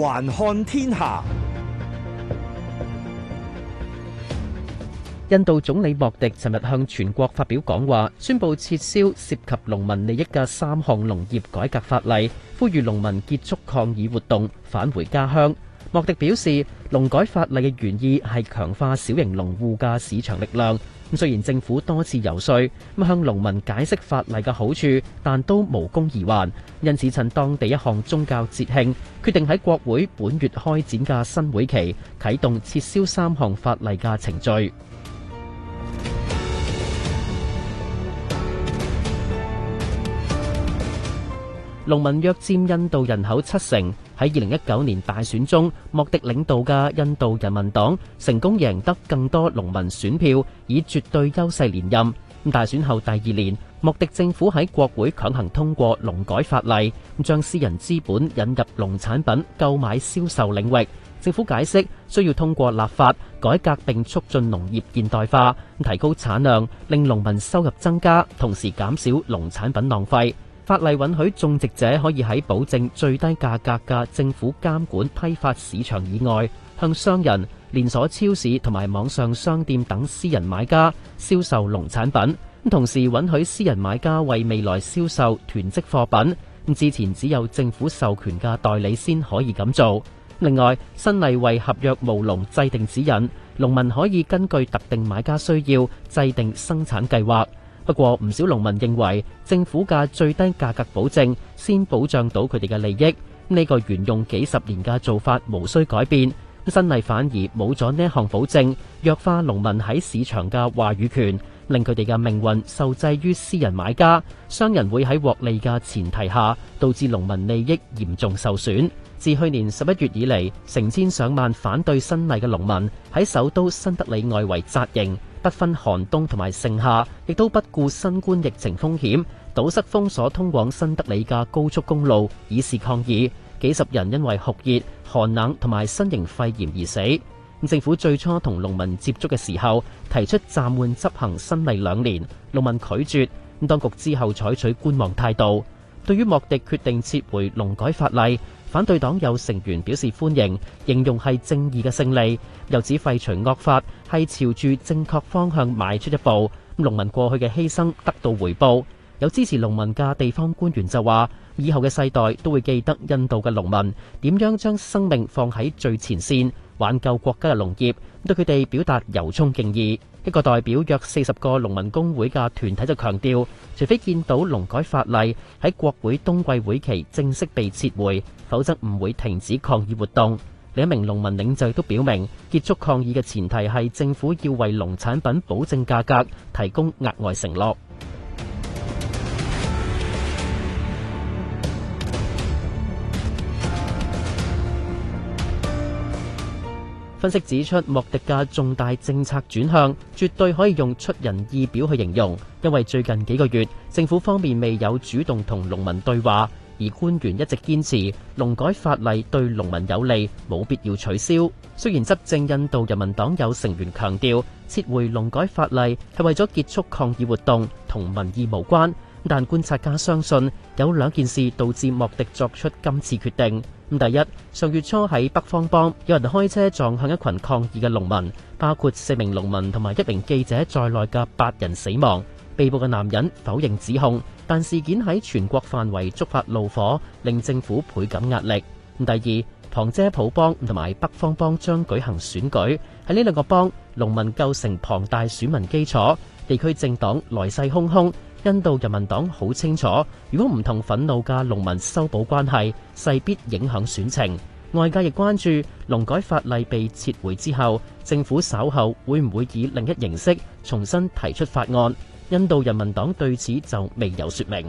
環看天下，印度總理莫迪尋日向全國發表講話，宣布撤銷涉及農民利益嘅三項農業改革法例，呼籲農民結束抗議活動，返回家鄉。莫迪表示，農改法例嘅原意係強化小型農戶嘅市場力量。雖然政府多次遊說，向農民解釋法例嘅好處，但都無功而還。因此趁當地一項宗教節慶，決定喺國會本月開展嘅新會期啟動撤銷三項法例嘅程序。農民約占印度人口七成喺法例允許種植者可以喺保證最低價格嘅政府監管批發市場以外，向商人、連鎖超市同埋網上商店等私人買家銷售農產品。咁同時允許私人買家為未來銷售囤積貨品。咁之前只有政府授權嘅代理先可以咁做。另外，新例為合約務農制定指引，農民可以根據特定買家需要制定生產計劃。不過唔少農民認為，政府嘅最低價格保證先保障到佢哋嘅利益，呢個沿用幾十年嘅做法無需改變，咁真係反而冇咗呢一項保證，弱化農民喺市場嘅話語權。令佢哋嘅命運受制於私人買家，商人會喺獲利嘅前提下，導致農民利益嚴重受損。自去年十一月以嚟，成千上萬反對新例嘅農民喺首都新德里外圍紮營，不分寒冬同埋盛夏，亦都不顧新冠疫情風險，堵塞封鎖通往新德里嘅高速公路，以示抗議。幾十人因為酷熱、寒冷同埋新型肺炎而死。政府最初同農民接觸嘅時候，提出暫緩執行新例兩年，農民拒絕，當局之後採取觀望態度。對於莫迪決定撤回農改法例，反對黨有成員表示歡迎，形容係正義嘅勝利，又指廢除惡法係朝住正確方向邁出一步。農民過去嘅犧牲得到回報。有支持農民嘅地方官員就話，以後嘅世代都會記得印度嘅農民點樣將生命放喺最前線。分析指出，莫迪嘅重大政策轉向，絕對可以用出人意表去形容，因為最近幾個月，政府方面未有主動同農民對話，而官員一直堅持農改法例對農民有利，冇必要取消。雖然執政印度人民黨有成員強調，撤回農改法例係為咗結束抗議活動同民意無關。但觀察家相信有兩件事導致莫迪作出今次決定。咁第一，上月初喺北方邦有人開車撞向一群抗議嘅農民，包括四名農民同埋一名記者在內嘅八人死亡。被捕嘅男人否認指控，但事件喺全國範圍觸發怒火，令政府倍感壓力。咁第二，旁遮普邦同埋北方邦將舉行選舉，喺呢兩個邦農民構成龐大選民基礎，地區政黨來勢洶洶。印度人民黨好清楚，如果唔同憤怒嘅農民修補關係，勢必影響選情。外界亦關注農改法例被撤回之後，政府稍後會唔會以另一形式重新提出法案。印度人民黨對此就未有說明。